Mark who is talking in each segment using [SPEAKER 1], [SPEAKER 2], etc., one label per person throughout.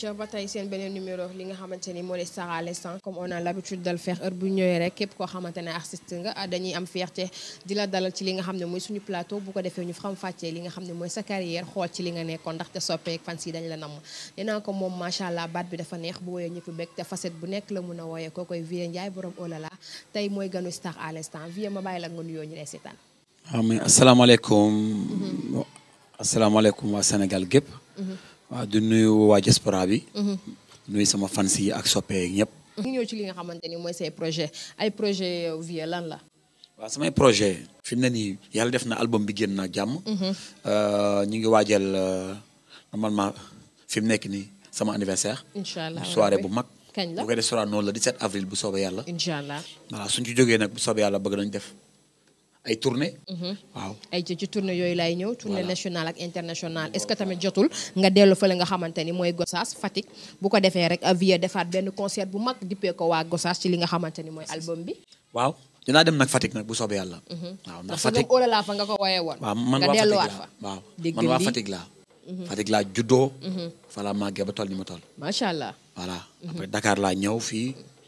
[SPEAKER 1] ca ba tey seen beneen numéro li nga xamante ni moo di Sara Lessan comme on a l'habitude de le heure bu ñëwee rek képp koo xamante ne artiste nga dañuy am fierté di la dalal ci li nga xam ne mooy suñu plateau bu ko defee ñu xam fàccee li nga xam ne mooy sa carrière xool ci li nga nekkoon ndaxte soppeek fans si dañ la namm nee naa ko moom macha allah baat bi dafa neex bu woyee ñëpp bég te facette bu nekk la mun a wooyee koo koy Vieux Ndiaye borom olala oh tey mooy ganu Star à l'instant Vieux ma bàyyi la nga nuyoo ñu lay seetaan
[SPEAKER 2] waaw mais asalaamaaleykum mm-hmm. asalaamaaleykum waa Sénégal gépp mm-hmm. waaw di nuyu waaj diaspora bi. Mhm. nuyu sama fans ak soppeek ñëpp.
[SPEAKER 1] ñu ñëw ci li nga xamante ni mooy say projet ay projet vie lan la.
[SPEAKER 2] waaw samay projet fi mu ne nii yàlla def na album bi génn na jàmm. Mhm. Euh, ñu ngi waajal euh, normalement fi mu nekk nii sama anniversaire.
[SPEAKER 1] incha allah soirée bu mag. la bu koy
[SPEAKER 2] def Sorano la 17 avril bu soobee yàlla. incha allah voilà suñ ci jógee nag bu soobee yàlla bëgg nañ def. ay tournée mhm. waaw
[SPEAKER 1] ay ci tournée yooyu lay ñëw tournée nationale ak internationale est-ce que tamit jotul nga dellu fële nga xamante mooy Gossas Fatick bu ko defee rek euh, via defaat benn concert bu mag dippee ko waa Gossas ci li nga xamante ni mooy album bi
[SPEAKER 2] waaw dinaa dem nag Fatick nag bu soobee yàlla mhm. waaw ndax Fatick olala man waa Fatick laa mhm. Fatick laa juddoo fa laa ba toll ni ma toll macha allah voilà après Dakar laa ñëw fii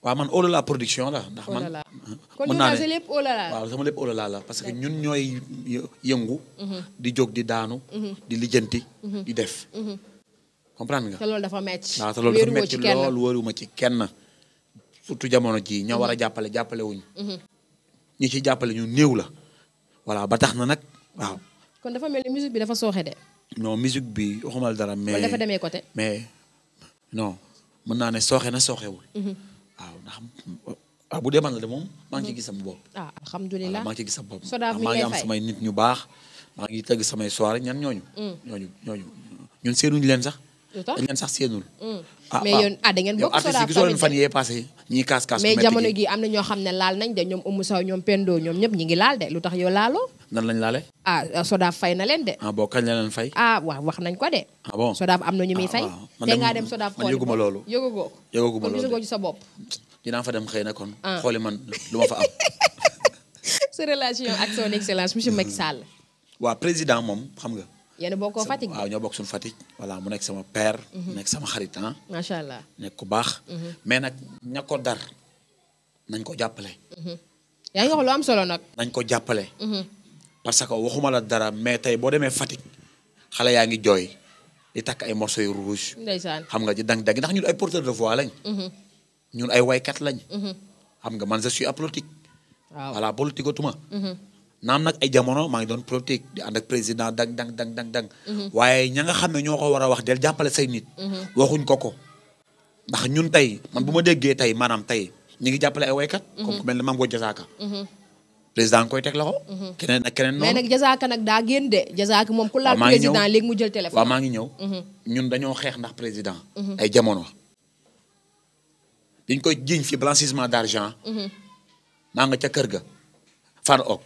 [SPEAKER 2] waaw man olala oh la production la ndax oh man. Hein, mën naa ne la.
[SPEAKER 1] Oh waaw
[SPEAKER 2] sama lépp la parce que ñun ñooy yëngu. Mhm. di jóg di daanu. Mhm. di lijjanti. Mhm. di def. comprendre nga. te loolu dafa waaw te loolu dafa ci kenn. surtout jamono la ñoo war a jàppale wuñ. ñi ci jàppale ñu néew la. voilà ba tax na nag waaw.
[SPEAKER 1] kon dafa mel musique bi dafa sooxe de.
[SPEAKER 2] non musique bi waxumal dara mais. mais non mën naa ne sooxe na sooxewul. waaw ndax ah bu dee man la de moom maa ngi gis a bopp.
[SPEAKER 1] ah alhamdulilah maa ngi
[SPEAKER 2] ciy gis sama bopp. sodaaf mi maa ngi am samay nit ñu baax. maa ngi tëgg samay soirée ñan ñooñu. Mm. ñooñu ñooñu ñun leen sax. dañ leen sax seenul.
[SPEAKER 1] Mm. ah mais yoon ah da ngeen bokk sodaaf leen fan
[SPEAKER 2] yee passé ñii kaas kaas mais jamono
[SPEAKER 1] gi am na ñoo xam ne laal nañ de ñoom Oumou Sow ñoom Pendo ñoom ñëpp ñu ngi laal de lu tax yow laalo nan lañ laale. a ah, euh, Sodaaf fay na leen de. ah
[SPEAKER 2] boo kañ la leen fay.
[SPEAKER 1] ah waaw wax nañ ko de.
[SPEAKER 2] ah bon Sodaaf am na ñu muy ah, fay. te ngaa dem Sodaaf xooli a yëguma
[SPEAKER 1] ko
[SPEAKER 2] yëgu ko kon gisagoo ci sa bopp. dinaa fa dem xëy ah. ma am.
[SPEAKER 1] sa relation ak son excellence monsieur Macky Sall.
[SPEAKER 2] waa président moom xam nga.
[SPEAKER 1] yéen a bokkoo Fatick waaw ñoo
[SPEAKER 2] bokk suñu Fatick. mu nekk sama père. Mhm. nekk sama xarit ah. macha allah nekk ku baax. Mhm. mais nag ko dar nañ ko jàppale.
[SPEAKER 1] Mhm. yaa ngi wax am solo nag.
[SPEAKER 2] nañ ko jàppale. parce que waxuma la dara mais tey boo demee Fatick xale yaa ngi jooy di takk ay morceaux yu rouge. ndeysaan xam nga di dang-dang ndax ñun ay porteurs de voix lañ. Mhm. ñun ay waykat lañ. Mhm. xam nga man je suis apolitique. waaw voilà politiquatuma. Mhm. naam nag ay jamono maa ngi doon politique di ànd ak président dang dang dang dang dang waaye ña nga xam ne ñoo ko war a wax del jàppale say nit waxuñ ko ko ndax ñun tey man bu ma déggee tey maanaam tey ñu ngi jàppale ay waykat comme ku mel ne Mame Gor président koy teg loxo. Mhm. keneen ak keneen noonu mais nag
[SPEAKER 1] jazaaka nag daa génn de jazaaka moom ku laal président léegi mu jël téléphone. waaw maa ngi ñëw mhm.
[SPEAKER 2] ñun dañoo xeex ndax président. Mhm. ay jamono. dañ koy jiiñ fi blanchissement d'argent. maa nga ca kër ga. fan ok.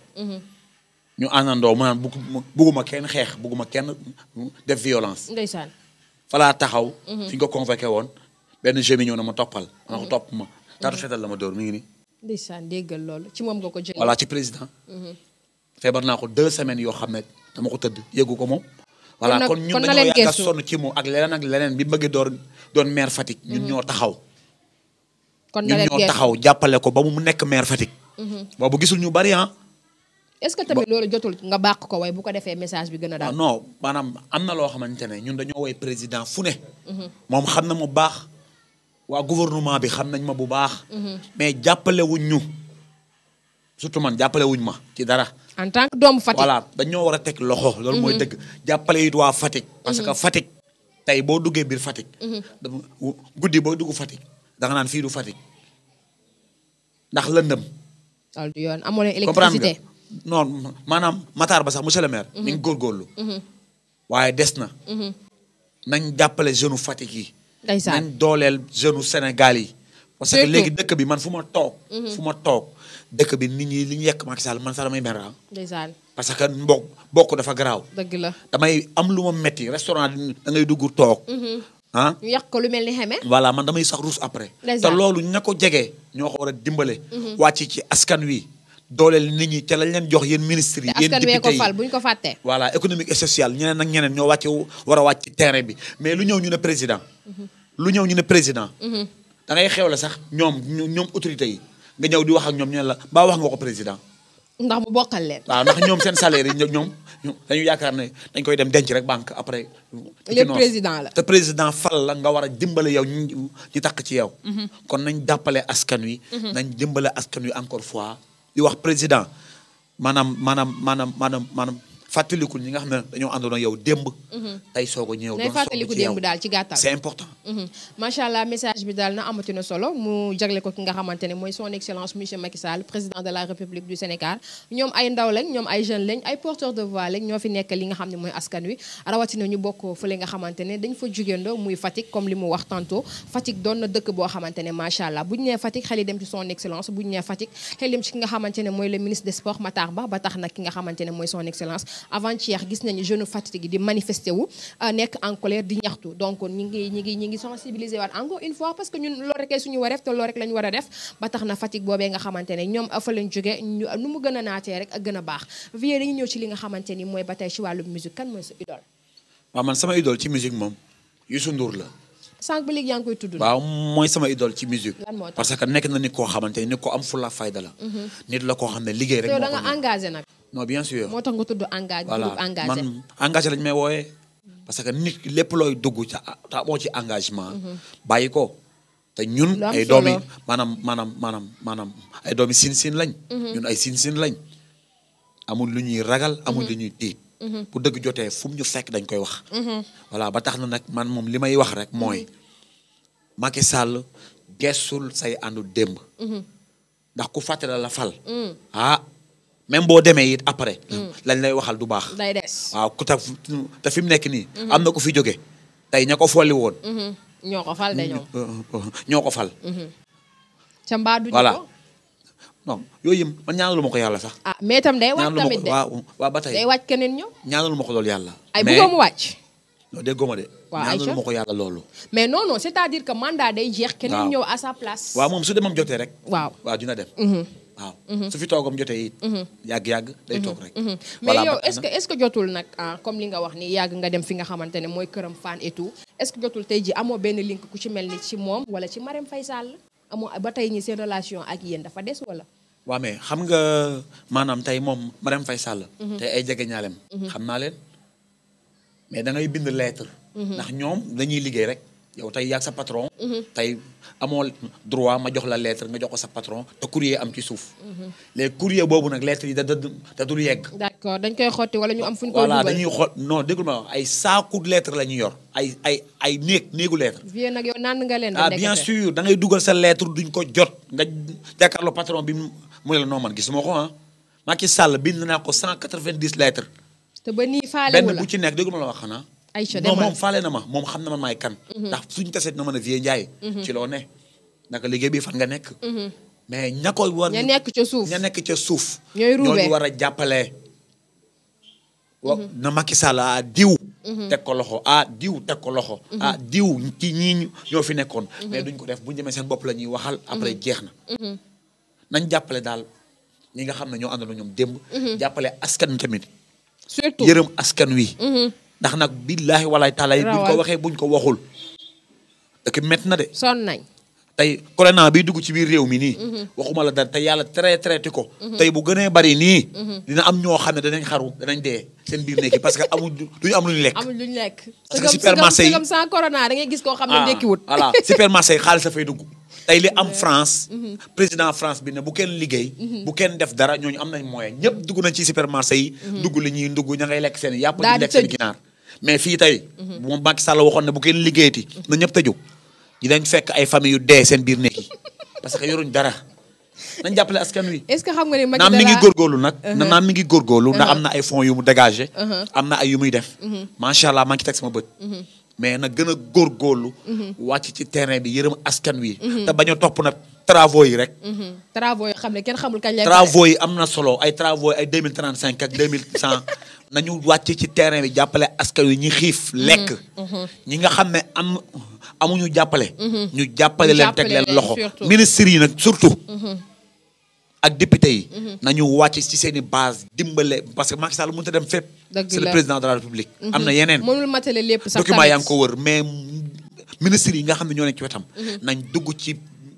[SPEAKER 2] ñu àndandoo maanaam bëgguma bëgguma kenn xeex bëgguma kenn def violence. ndeysaan. falaa taxaw. fi ñu ko convoqué woon benn jeune ñëw na ma toppal. ma topp ma. taatu fetal la ma dóor mi ngi nii.
[SPEAKER 1] ndeysaan déggal loolu ci moom nga ko jëlee. voilà ci président. Mhm.
[SPEAKER 2] feebar naa ko deux semaines yoo xam ne dama ko tëdd yëgu ko moom.
[SPEAKER 1] voilà kon ñun dañoo yàgg a sonn
[SPEAKER 2] ci moom ak leneen bi bëgg doon doon maire Fatick. ñun mhm. ñoo taxaw.
[SPEAKER 1] kon na leen ñun ñoo
[SPEAKER 2] jàppale ko ba mu nekk maire Fatick. Mhm. boobu gisul ñu bari ah.
[SPEAKER 1] est-ce que tamit loolu jotul nga bàq ko way bu ko defee message bi gën a daal. Ah non
[SPEAKER 2] maanaam am na loo xamante ne ñun dañoo way président fu ne. moom xam na mu baax. waa gouvernement bi xam nañ ma bu baax. Mhm. mais jàppale wuñ ñu surtout man jàppale wuñ ma ci dara. en tant que doomu Fatick. voilà dañoo war a teg loxo. loolu mooy mhm. dëgg jàppale it waa Fatick. parce que mhm. Fatick tey boo duggee biir Fatick. guddi boo dugg fatik da nga naan fii du Fatick ndax lëndëm. loolu
[SPEAKER 1] du yoon amoo leen
[SPEAKER 2] maanaam Matar ba sax monsieur le maire. mi ngi góorgóorlu. waaye des na. nañ jàppale jeune Fatick yi. ndeysaan nañ dooleel jeune Sénégal yi.
[SPEAKER 1] parce que léegi dëkk
[SPEAKER 2] bi man fu ma toog. Mhm. fu ma toog dëkk bi nit ñi li ñu yekk Macky Sall man sax damay mer ah. ndeysaan parce que mbokk bokk dafa garaaw. dëgg la damay am lu ma metti restaurant da ngay dugg toog. Mhm. ah
[SPEAKER 1] ñu yàq ko lu mel ni xeme.
[SPEAKER 2] voilà man damay sax ruus après. te loolu ña ko jege ñoo ko war a dimbale. Mhm. wàcc ci askan wi. dooleel nit ñi ca lañ leen jox yéen ministres yi yéen député yi buñ ko fàttee voilà économique et social ñeneen ñoo wàcce war a wàcc bi mais lu ñëw ñu ne président lu ñëw ñu ne président da ngay xew la sax ñoom ñoom autorité yi nga ñëw di wax ak ñoom ñu la ba wax nga ko président
[SPEAKER 1] ndax mu bokkal leen
[SPEAKER 2] waaw ndax ñoom seen salaire yi ñoom dañu yaakaar ne dañ koy dem denc rek banque après le
[SPEAKER 1] président la te
[SPEAKER 2] président fal la nga war a dimbale yow ñu ñu takk ci yow mhm. kon nañ jàppale askan wi mhm. nañ dimbale askan wi encore fois di wax président maanaam maanaam maanaam maanaam maanaam fàttalikul ñi nga xam ne dañoo àndoon yow démb. Mhm. tey soog a ñëw doon démb daal ci gàttal c'est important.
[SPEAKER 1] Mhm. macha allah message bi daal na amati na solo mu jagle ko ki nga xamante ne mooy son excellence monsieur Macky Sall président de la république du Sénégal ñoom ay ndaw lañ ñoom ay jeunes lañ ay porteurs de voix lañ ñoo fi nekk li nga xam ne mooy askan wi rawatina ñu bokk fële nga xamante ne dañ fa jugéendoo muy Fatick comme li mu wax tantôt Fatick doon na dëkk boo xamante ne macha allah bu ñu Fatick xel dem ci son excellence bu ñu nee Fatick xel dem ci ki nga xamante ne mooy le ministre des sports Matar Ba ba tax na ki nga xamante ne mooy son excellence avant-hier gis nañu jeune fatigue gi di manifester wu euh, nek en colère di ñaxtu donc ñi ngi ñi ngi ñi ngi sensibiliser waat encore une fois parce que ñun lo rekk suñu wareef te lo rek lañu wara def ba tax na Fatick boobee nga xamante ne ñoom fa lañ jógee nu mu gëna naté rek ak gëna a baax vie dañu ñëw ci li nga xamante ni mooy ci walu musique kan moy sa idole
[SPEAKER 2] waaw man sama idole ci musique mom Youssou Ndour la
[SPEAKER 1] sank ba léegi yaa koy tudd. waaw
[SPEAKER 2] mooy sama idole ci musique. parce que nekk na ni koo xamante ni ko am la fayda la. Mhm. nit la koo xam ne liggéey rek. da nga engagé nag. non bien sûr nga
[SPEAKER 1] tudd engagé. man
[SPEAKER 2] engagé lañ may wooyee. parce que nit lépp looy dugg ca ta amoo ci engagement. Mhm. bàyyi ko te ñun. ay doomi maanaam maanaam maanaam maanaam ay doomi sin sin lañ. Mhm. ñun ay sin sin lañ. amul lu ñuy ragal amul mhm. lu ñuy tiit. bu dëgg jotee fu mu ñu fekk dañ koy wax. voilà ba tax na nag man moom li may wax rek mooy. Macky Sall gessul say àndu démb. ndax ku fàtte fal. ah même boo demee it après. Mm. lañ lay waxal du baax.
[SPEAKER 1] day des waaw
[SPEAKER 2] ku tax fi mu nekk nii. am na ku fi jóge tey ña ko folli woon.
[SPEAKER 1] Mm-hmm. ñoo ko fal de ñoom.
[SPEAKER 2] Mm-hmm. ñoo ko fal.
[SPEAKER 1] Mm-hmm. ca mbaa duñu ko
[SPEAKER 2] yooyu yëpp man ñaanalu ma ko yàlla sax.
[SPEAKER 1] ah mais itam day wàcc tamit de
[SPEAKER 2] waaw ba tey day wàcc keneen ñëw. ñaanalu ma ko loolu yàlla. ay bëggoo mu wàcc. non ma de. ma ko yàlla loolu.
[SPEAKER 1] mais non non c'est-à-dire que mandat day jeex. waaw keneen ñëw à sa place. waaw
[SPEAKER 2] moom su demam jotee rek. waaw waaw dina dem. waaw mhm. su fi toogam jotee it mhm. yàgg-yàgg day toog rek
[SPEAKER 1] mhm. mais yow est-ce que est-ce que jotul nag ah, comme li nga wax ni yàgg nga dem fi nga xamante ne mooy këram fan et tout est-ce que jotul tey ji amoo benn link ku ci mel ni ci moom wala ci Marème fay Sall amoo ba tey ñi seen relation ak yéen dafa des walla
[SPEAKER 2] waa mais xam nga maanaam tey moom Marème fay Sall tey ay jege ñaalem xam naa leen mais da bind lettre ndax ñoom dañuy liggéey rek yow tay yak sa patron. Mm-hmm. tay amo droit ma jox la lettre nga jox ko sa patron te courrier am ci souf mm-hmm. les courrier bobu nak lettre yi da da da dul yegg.
[SPEAKER 1] d'accord dañ koy xoti wala ñu am fuñ ko koy. dañuy
[SPEAKER 2] xot non déglu ma ay saaku lettre lañu yor ay ay ay néeg néegu lettre.
[SPEAKER 1] vieux nak yow naan nga len ah bien
[SPEAKER 2] sûr da ngay dugal sa lettre duñ ko jot nga jàkkaarloo patron bi mu le no man gis moko ah. Macky Sall bind na ko 190 lettres.
[SPEAKER 1] te ba ni faale wu ben bu ci
[SPEAKER 2] nekk déglu ma la wax xanaa.
[SPEAKER 1] ayca non moom
[SPEAKER 2] faale na ma moom xam na man maay kan. Mhm. ndax suñu tasee dina mën a vie Ndiaye. Mhm. ci loo ne naka liggéey bi fan nga nekk. Mhm. mais ña ko war nekk ca suuf ña nekk ca suuf.
[SPEAKER 1] ñooy ruubee ñooñu war a
[SPEAKER 2] jàppale. wa na Macky Sall a diw. teg ko loxo ah diw teg ko loxo. ah diw ñiiñ ñii ñoo fi nekkoon. mais duñ ko def bu ñu seen bopp la ñuy waxal après jeex na. nañ jàppale daal ñi nga xam ne ñoo àndandoo ñoom démb. jàppale askan wi tamit. surtout yërëm askan wi. ndax nag billaahi walaay taala yi buñ ko waxee buñ ko waxul dëkk métti na de son nañ tey corona bi dugg biir réew mi nii mhm. waxuma la dara te yàlla traité traité ko mhm. tey bu gënee bari nii mhm. dina am ñoo xam ne danañ xaru danañ dee seen biir nekki parce que amuñ duñu am luñu lekk
[SPEAKER 1] amuñ luñu lekk parce que supermarché yi sans corona da gis koo xam ne ah, ndekkiwut voilà supermarché
[SPEAKER 2] yi xaalis dafay dugg tey li am France président France bi ne bu kenn liggéey bu kenn def dara ñooñu am nañ moyen ñëpp dugg nañ ci supermarché yi dugg li ñuy dugg ña ngay lekk seen yàpp ñu lekk seen ginaar mais fii tey. bu ma Macky Sall waxoon ne bu kenn liggéeyati na ñëpp tëju. dinañ fekk ay famille yu dee seen biir nekk yi parce que yoruñ dara. nañ jàppale askan wi.
[SPEAKER 1] est-ce que xam nga ni Macky uh-huh. naam
[SPEAKER 2] mi ngi góorgóorlu nag. am na ay fonds yu mu dégagé. Uh-huh. am na ay yu muy def. Uh-huh. macha allah maa ngi teg sama bët. mais nag gën a góorgóorlu. wàcc ci terrain bi yërëm askan wi. te bañ a topp nag. travaux yi rek.
[SPEAKER 1] Mhm. travaux yoo xam ne kenn xamul kañ lay. travaux
[SPEAKER 2] yi am na solo ay travaux ay deux mille trente cinq ak deux mille cent. nañu wàcc ci terrain bi jàppale askan wi ñi xiif lekk. Mhm. Mhm. ñi nga xam ne am amuñu jàppale. ñu jàppale leen teg leen loxo. ministres yi nag surtout. ak député yi. na ñu wàcc ci seen i base dimbale parce que Macky Sall mënut a dem fépp. c'est le président de la République. am na yeneen mënul
[SPEAKER 1] matale lépp sax document
[SPEAKER 2] yi nga xam ñoo nekk nañ dugg ci.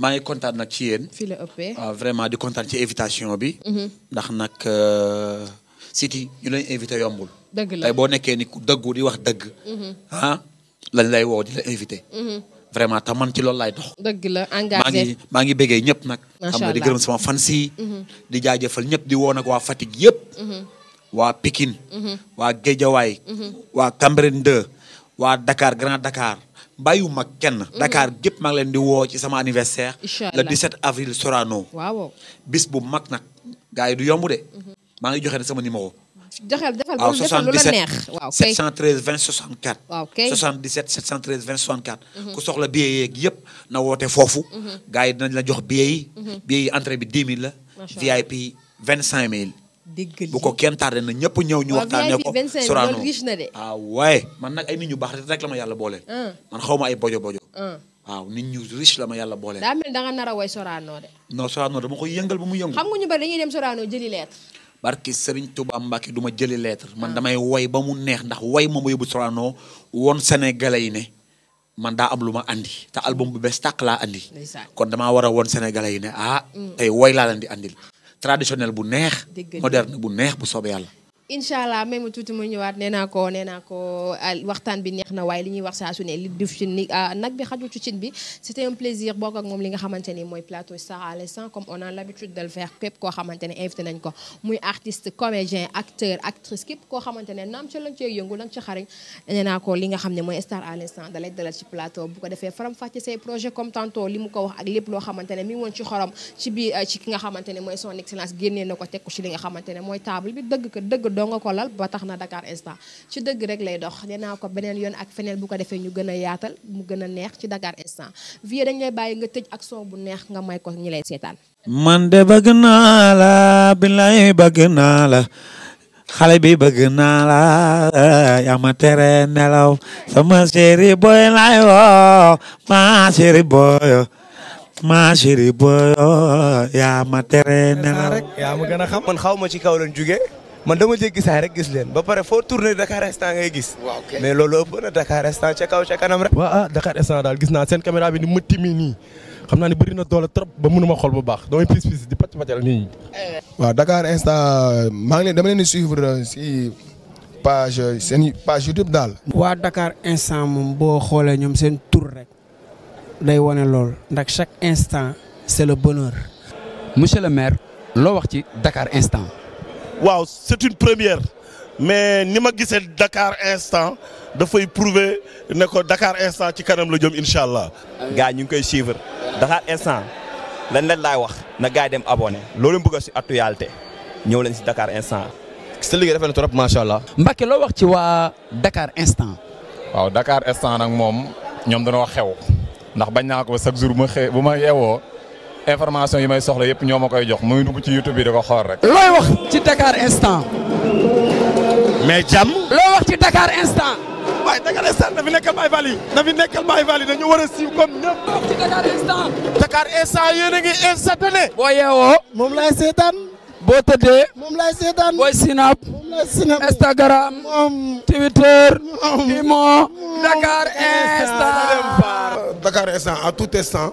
[SPEAKER 2] maa ngi de ci yéen. Ah, vraiment di kontaan ci invitation bi. Mm-hmm. ndax nag euh, ñu lay invité yombul. la ni di wax mm-hmm. ah, mm-hmm. vraiment te ci loolu laay dox.
[SPEAKER 1] dëgg la engagé
[SPEAKER 2] maa ngi maa ngi content ñëpp nag. xam nga di gërëm sama di jaajëfal ñëpp di woo Dakar Grand Dakar bàyyiwuma kenn. Mhm. Dakar gépp maa ngi leen di woo ci sama anniversaire. le 17 avril Sorano. waaw bis bu mag nag. gars yi du yomb de. Mhm. maa ngi joxe ne sama numéro.
[SPEAKER 1] joxel defal ba defal lu la neex waaw
[SPEAKER 2] 77 713 20 64. waaw kay 77 713 20 64. ku soxla billet yeeg yëpp na woote foofu. Mhm. gars yi dinañ la jox billet yi. billet yi entrée bi 10 000 la. VIP 25 000. bu ko kenn tardé na ñëpp ñëw ñu waxtaanee ko Sorano waaw waaye man nag ay nit ñu baax rek la ma yàlla boole. Ah. man xaw ma ay bojo bojo. Ah. waaw nit ñu riche la ma yàlla boole. daa
[SPEAKER 1] mel da nga nar a way Sorano de.
[SPEAKER 2] non Sorano dama koy yëngal bu mu yëngu. xam
[SPEAKER 1] nga ñu bari dañuy dem Sorano jëli lettre.
[SPEAKER 2] barki Serigne Touba Mbacke du ma jëli lettre. man ah. damay woy ba mu neex ndax way moom ma yóbbu Sorano woon Sénégalais yi ne. man daa am lu ma andi te album bu bees tàq laa andi. kon damaa war a woon Sénégalais yi ne ah. ay mm. way laa leen di andil. traditionnel bu neex. moderne bu neex bu soobee yàlla.
[SPEAKER 1] inshallah même tout mo tuuti mu ñëwaat nee ko néna ko ah, waxtaan bi neex na waaye li ñuy wax sa su ne li def ci ni ah, nag bi xaju ci ci bi c'était un plaisir bok ak moom li nga xamanteni moy plateau Star à l'instant comme on a l'habitude de le faire képp ko xamante invité nañ ko muy artiste comédien acteur actrice kep ko xamanteni Nam ci lañ cee yëngu lañ ci xariñ néna ko li nga xam moy Star à l'instant dalay dalal ci plateau bu ko défé faram fàcce ses projets comme tantôt li mu ko wax ak lepp lo xamanteni mi won ci xorom ci bi ci ki nga xamanteni moy son excellence génnee nako tek ko ci li nga xamanteni moy table bi dëgg ke dëgg do nga ko lal ba tax na Dakar insta ci deug rek lay dox dina ko benen yoon ak fenel bu ko defé ñu gëna yaatal mu gëna neex ci Dakar insta vie dañ lay baye nga tejj ak son bu neex nga may ko ñi lay
[SPEAKER 2] man de bëgg na la billahi bëgg na la. xale bi bëgg na la ma nelaw sama chéri boy lay wo ma chéri boy ma chéri boy ya ma Ya nelaw ya mu gëna xam man xawma ci kaw lañ juggé man dama jég gisaay rek gis leen ba pare foo tourné Dakar instant ngay gis. mais loolu ëpp na Dakar instant ca kaw ca kanam ah, daal gis naa seen caméra bi ni mëtti mii nii xam naa ne bëri doole trop ba mënuma xool bu baax damay pis pis di pàcc pàccal nit maa ngi leen dama leen di si page seen page YouTube daal. waa Dakar instant moom boo xoolee ñoom seen tour rek day wane lool ndax chaque instant c'est le bonheur. monsieur le maire loo wax ci Dakar instant. waaw c'est une première mais ni ma gisee Dakar instant da fay prouver ne ko Dakar instant ci kanam la jëm inshallah. Ga ñu ngi koy suivre Dakar instant lan leen lay wax na gaay yi dem abonné leen bëgg ci actualité Ñew leen ci Dakar instant. sa ligue rafet na trop machallah. allah. lo wax ci wa Dakar instant. waaw Dakar instant nag moom ñoom dañoo xew ndax bañ na ko chaque jour bu ma yéwo information yi may soxla yëpp ñoo ma koy jox muy dugg ci YouTube bi di ko rek. looy wax ci Dakar instant. mais jàmm. loo wax ci Dakar instant. Dakar instant na fi instant. Dakar boo yeewoo moom laay seetaan. boo tëddee. moom laay seetaan. booy sinap. Instagram. Twitter. moom Imo. Dakar instant. Dakar instant à tout instant.